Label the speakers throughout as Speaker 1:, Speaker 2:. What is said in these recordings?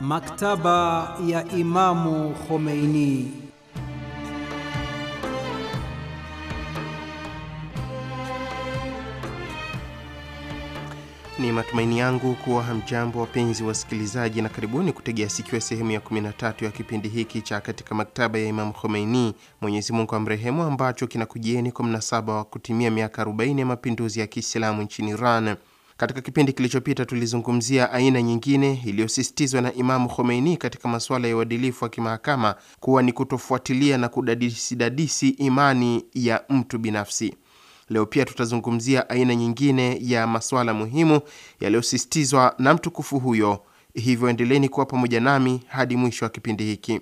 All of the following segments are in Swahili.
Speaker 1: Maktaba ya Imamu Khomeini. Ni matumaini yangu kuwa hamjambo wapenzi wasikilizaji, na karibuni kutegea sikio sehemu ya 13 ya kipindi hiki cha katika maktaba ya Imamu Khomeini, Mwenyezi Mungu amrehemu, ambacho kinakujieni kwa mnasaba wa kutimia miaka 40 ya mapinduzi ya Kiislamu nchini Iran. Katika kipindi kilichopita tulizungumzia aina nyingine iliyosisitizwa na Imamu Khomeini katika masuala ya uadilifu wa kimahakama kuwa ni kutofuatilia na kudadisidadisi imani ya mtu binafsi. Leo pia tutazungumzia aina nyingine ya masuala muhimu yaliyosisitizwa na mtukufu huyo, hivyo endeleni kuwa pamoja nami hadi mwisho wa kipindi hiki.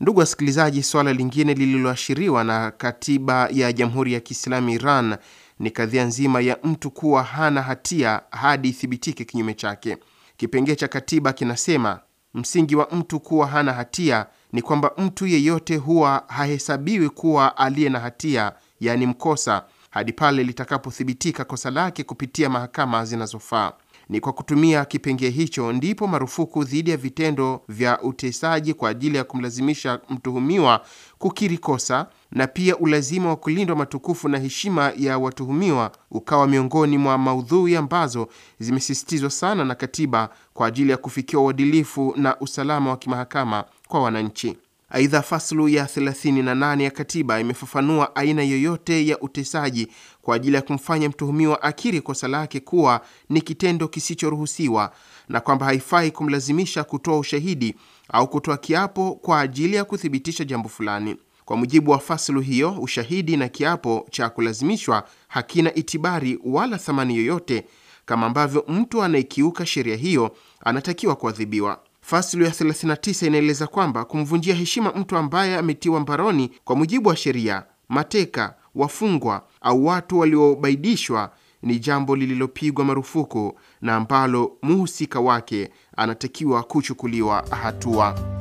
Speaker 1: Ndugu wasikilizaji, suala lingine lililoashiriwa na katiba ya Jamhuri ya Kiislamu Iran ni kadhia nzima ya mtu kuwa hana hatia hadi ithibitike kinyume chake. Kipengee cha katiba kinasema msingi wa mtu kuwa hana hatia ni kwamba mtu yeyote huwa hahesabiwi kuwa aliye na hatia, yaani mkosa, hadi pale litakapothibitika kosa lake kupitia mahakama zinazofaa. Ni kwa kutumia kipengee hicho ndipo marufuku dhidi ya vitendo vya utesaji kwa ajili ya kumlazimisha mtuhumiwa kukiri kosa na pia ulazima wa kulindwa matukufu na heshima ya watuhumiwa ukawa miongoni mwa maudhui ambazo zimesisitizwa sana na katiba kwa ajili ya kufikia uadilifu na usalama wa kimahakama kwa wananchi. Aidha, faslu ya 38 ya katiba imefafanua aina yoyote ya utesaji kwa ajili ya kumfanya mtuhumiwa akiri kosa lake kuwa ni kitendo kisichoruhusiwa na kwamba haifai kumlazimisha kutoa ushahidi au kutoa kiapo kwa ajili ya kuthibitisha jambo fulani. Kwa mujibu wa fasulu hiyo, ushahidi na kiapo cha kulazimishwa hakina itibari wala thamani yoyote, kama ambavyo mtu anayekiuka sheria hiyo anatakiwa kuadhibiwa. Fasulu ya 39 inaeleza kwamba kumvunjia heshima mtu ambaye ametiwa mbaroni kwa mujibu wa sheria, mateka, wafungwa au watu waliobaidishwa ni jambo lililopigwa marufuku na ambalo muhusika wake anatakiwa kuchukuliwa hatua.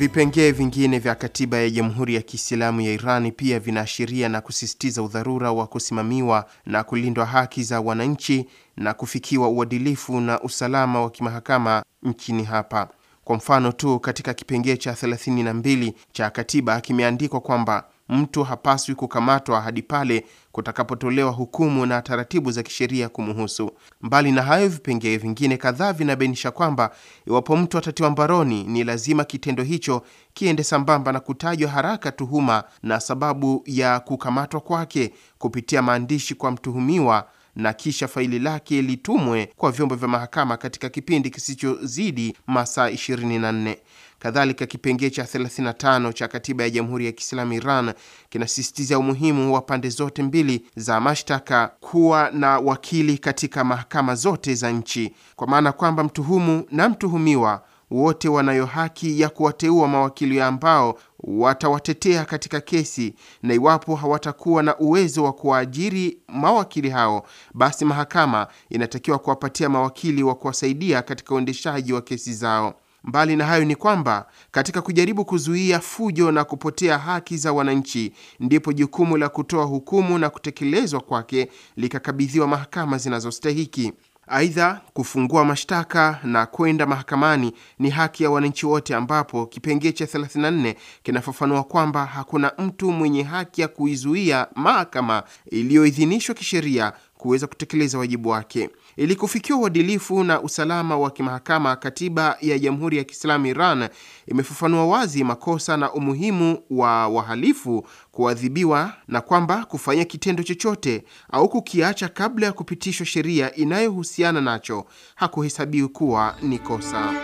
Speaker 1: Vipengee vingine vya katiba ya Jamhuri ya Kiislamu ya Iran pia vinaashiria na kusisitiza udharura wa kusimamiwa na kulindwa haki za wananchi na kufikiwa uadilifu na usalama wa kimahakama nchini hapa. Kwa mfano tu, katika kipengee cha 32 cha katiba kimeandikwa kwamba mtu hapaswi kukamatwa hadi pale kutakapotolewa hukumu na taratibu za kisheria kumuhusu. Mbali na hayo, vipengee vingine kadhaa vinabainisha kwamba iwapo mtu atatiwa mbaroni, ni lazima kitendo hicho kiende sambamba na kutajwa haraka tuhuma na sababu ya kukamatwa kwake kupitia maandishi kwa mtuhumiwa na kisha faili lake litumwe kwa vyombo vya mahakama katika kipindi kisichozidi masaa 24. Kadhalika, kipengee cha 35 cha katiba ya Jamhuri ya Kiislamu Iran kinasisitiza umuhimu wa pande zote mbili za mashtaka kuwa na wakili katika mahakama zote za nchi, kwa maana kwamba mtuhumu na mtuhumiwa wote wanayo haki ya kuwateua mawakili ambao watawatetea katika kesi, na iwapo hawatakuwa na uwezo wa kuwaajiri mawakili hao, basi mahakama inatakiwa kuwapatia mawakili wa kuwasaidia katika uendeshaji wa kesi zao. Mbali na hayo ni kwamba katika kujaribu kuzuia fujo na kupotea haki za wananchi, ndipo jukumu la kutoa hukumu na kutekelezwa kwake likakabidhiwa mahakama zinazostahiki. Aidha, kufungua mashtaka na kwenda mahakamani ni haki ya wananchi wote, ambapo kipengee cha 34 kinafafanua kwamba hakuna mtu mwenye haki ya kuizuia mahakama iliyoidhinishwa kisheria kuweza kutekeleza wajibu wake. Ili kufikia uadilifu na usalama wa kimahakama, katiba ya Jamhuri ya Kiislamu Iran imefafanua wazi makosa na umuhimu wa wahalifu kuadhibiwa na kwamba kufanya kitendo chochote au kukiacha kabla ya kupitishwa sheria inayohusiana nacho hakuhesabiwi kuwa ni kosa.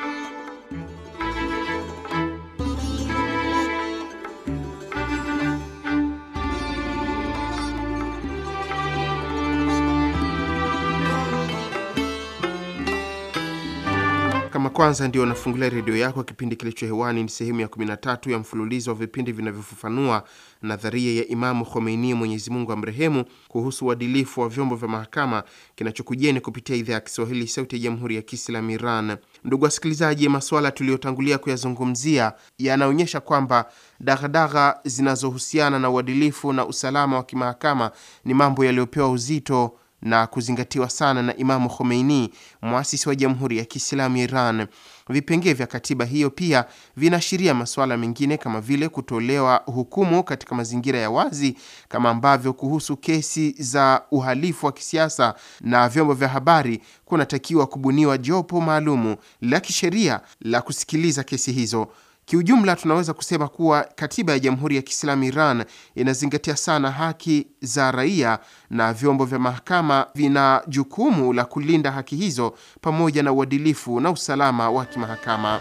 Speaker 1: kwanza ndio unafungulia redio yako, kipindi kilicho hewani ni sehemu ya 13 ya mfululizo wa vipindi vinavyofafanua nadharia ya Imamu Khomeini, Mwenyezi Mungu amrehemu, kuhusu uadilifu wa vyombo vya mahakama, kinachokujeni kupitia idhaa ya Kiswahili, Sauti ya Jamhuri ya Kiislamu Iran. Ndugu wasikilizaji, masuala tuliyotangulia kuyazungumzia yanaonyesha kwamba daghadagha zinazohusiana na uadilifu na usalama wa kimahakama ni mambo yaliyopewa uzito na kuzingatiwa sana na Imamu Khomeini, mwasisi wa Jamhuri ya Kiislamu ya Iran. Vipengee vya katiba hiyo pia vinaashiria masuala mengine kama vile kutolewa hukumu katika mazingira ya wazi, kama ambavyo kuhusu kesi za uhalifu wa kisiasa na vyombo vya habari kunatakiwa kubuniwa jopo maalumu la kisheria la kusikiliza kesi hizo. Kiujumla, tunaweza kusema kuwa katiba ya Jamhuri ya Kiislamu Iran inazingatia sana haki za raia na vyombo vya mahakama vina jukumu la kulinda haki hizo pamoja na uadilifu na usalama wa kimahakama.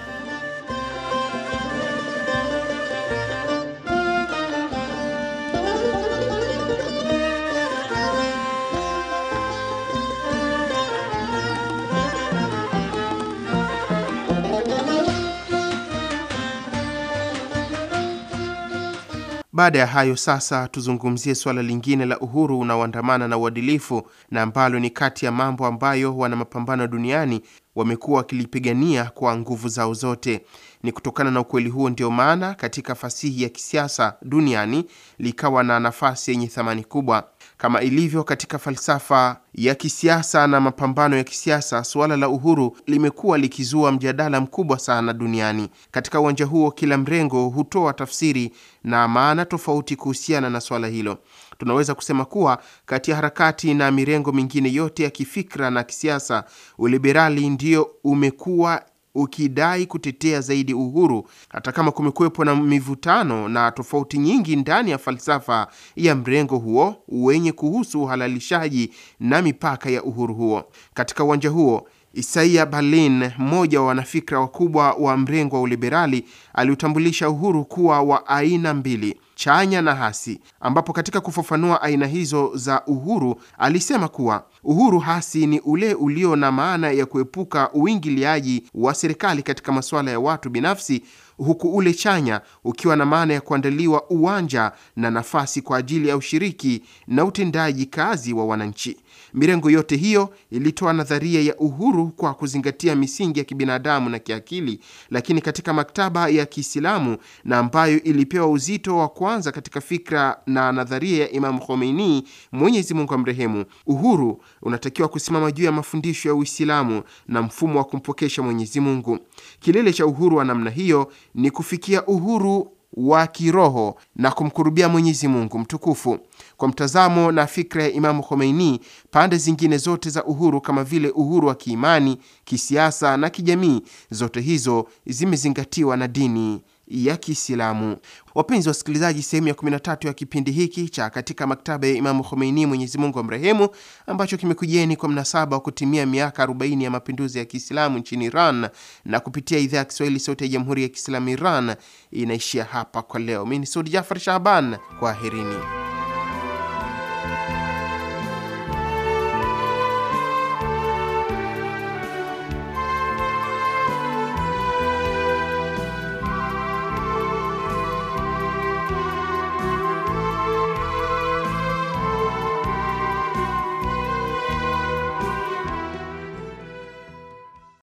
Speaker 1: Baada ya hayo sasa, tuzungumzie suala lingine la uhuru unaoandamana na uadilifu na ambalo ni kati ya mambo ambayo wana mapambano duniani wamekuwa wakilipigania kwa nguvu zao zote. Ni kutokana na ukweli huo ndio maana katika fasihi ya kisiasa duniani likawa na nafasi yenye thamani kubwa, kama ilivyo katika falsafa ya kisiasa na mapambano ya kisiasa, suala la uhuru limekuwa likizua mjadala mkubwa sana duniani. Katika uwanja huo, kila mrengo hutoa tafsiri na maana tofauti kuhusiana na suala hilo. Tunaweza kusema kuwa kati ya harakati na mirengo mingine yote ya kifikra na kisiasa, uliberali ndio umekuwa ukidai kutetea zaidi uhuru, hata kama kumekuwepo na mivutano na tofauti nyingi ndani ya falsafa ya mrengo huo wenye kuhusu uhalalishaji na mipaka ya uhuru huo. Katika uwanja huo Isaiah Berlin, mmoja wa wanafikra wakubwa wa mrengo wa uliberali, aliutambulisha uhuru kuwa wa aina mbili: chanya na hasi, ambapo katika kufafanua aina hizo za uhuru alisema kuwa uhuru hasi ni ule ulio na maana ya kuepuka uingiliaji wa serikali katika masuala ya watu binafsi huku ule chanya ukiwa na maana ya kuandaliwa uwanja na nafasi kwa ajili ya ushiriki na utendaji kazi wa wananchi. Mirengo yote hiyo ilitoa nadharia ya uhuru kwa kuzingatia misingi ya kibinadamu na kiakili, lakini katika maktaba ya Kiislamu na ambayo ilipewa uzito wa kwanza katika fikra na nadharia ya imamu Khomeini, Mwenyezi Mungu amrehemu, uhuru unatakiwa kusimama juu ya mafundisho ya Uislamu na mfumo wa kumpokesha Mwenyezi Mungu. Kilele cha uhuru wa namna hiyo ni kufikia uhuru wa kiroho na kumkurubia Mwenyezi Mungu mtukufu. Kwa mtazamo na fikra ya Imamu Khomeini, pande zingine zote za uhuru kama vile uhuru wa kiimani, kisiasa na kijamii, zote hizo zimezingatiwa na dini ya Kiislamu. Wapenzi wasikilizaji, sehemu ya 13 ya kipindi hiki cha katika maktaba ya Imamu Khomeini, Mwenyezi Mungu amrehemu, ambacho kimekujeni kwa mnasaba wa kutimia miaka 40 ya mapinduzi ya Kiislamu nchini Iran na kupitia idhaa ya Kiswahili Sauti ya Jamhuri ya Kiislamu Iran inaishia hapa kwa leo. Mimi ni Saudi Jafar Shahban, kwaherini.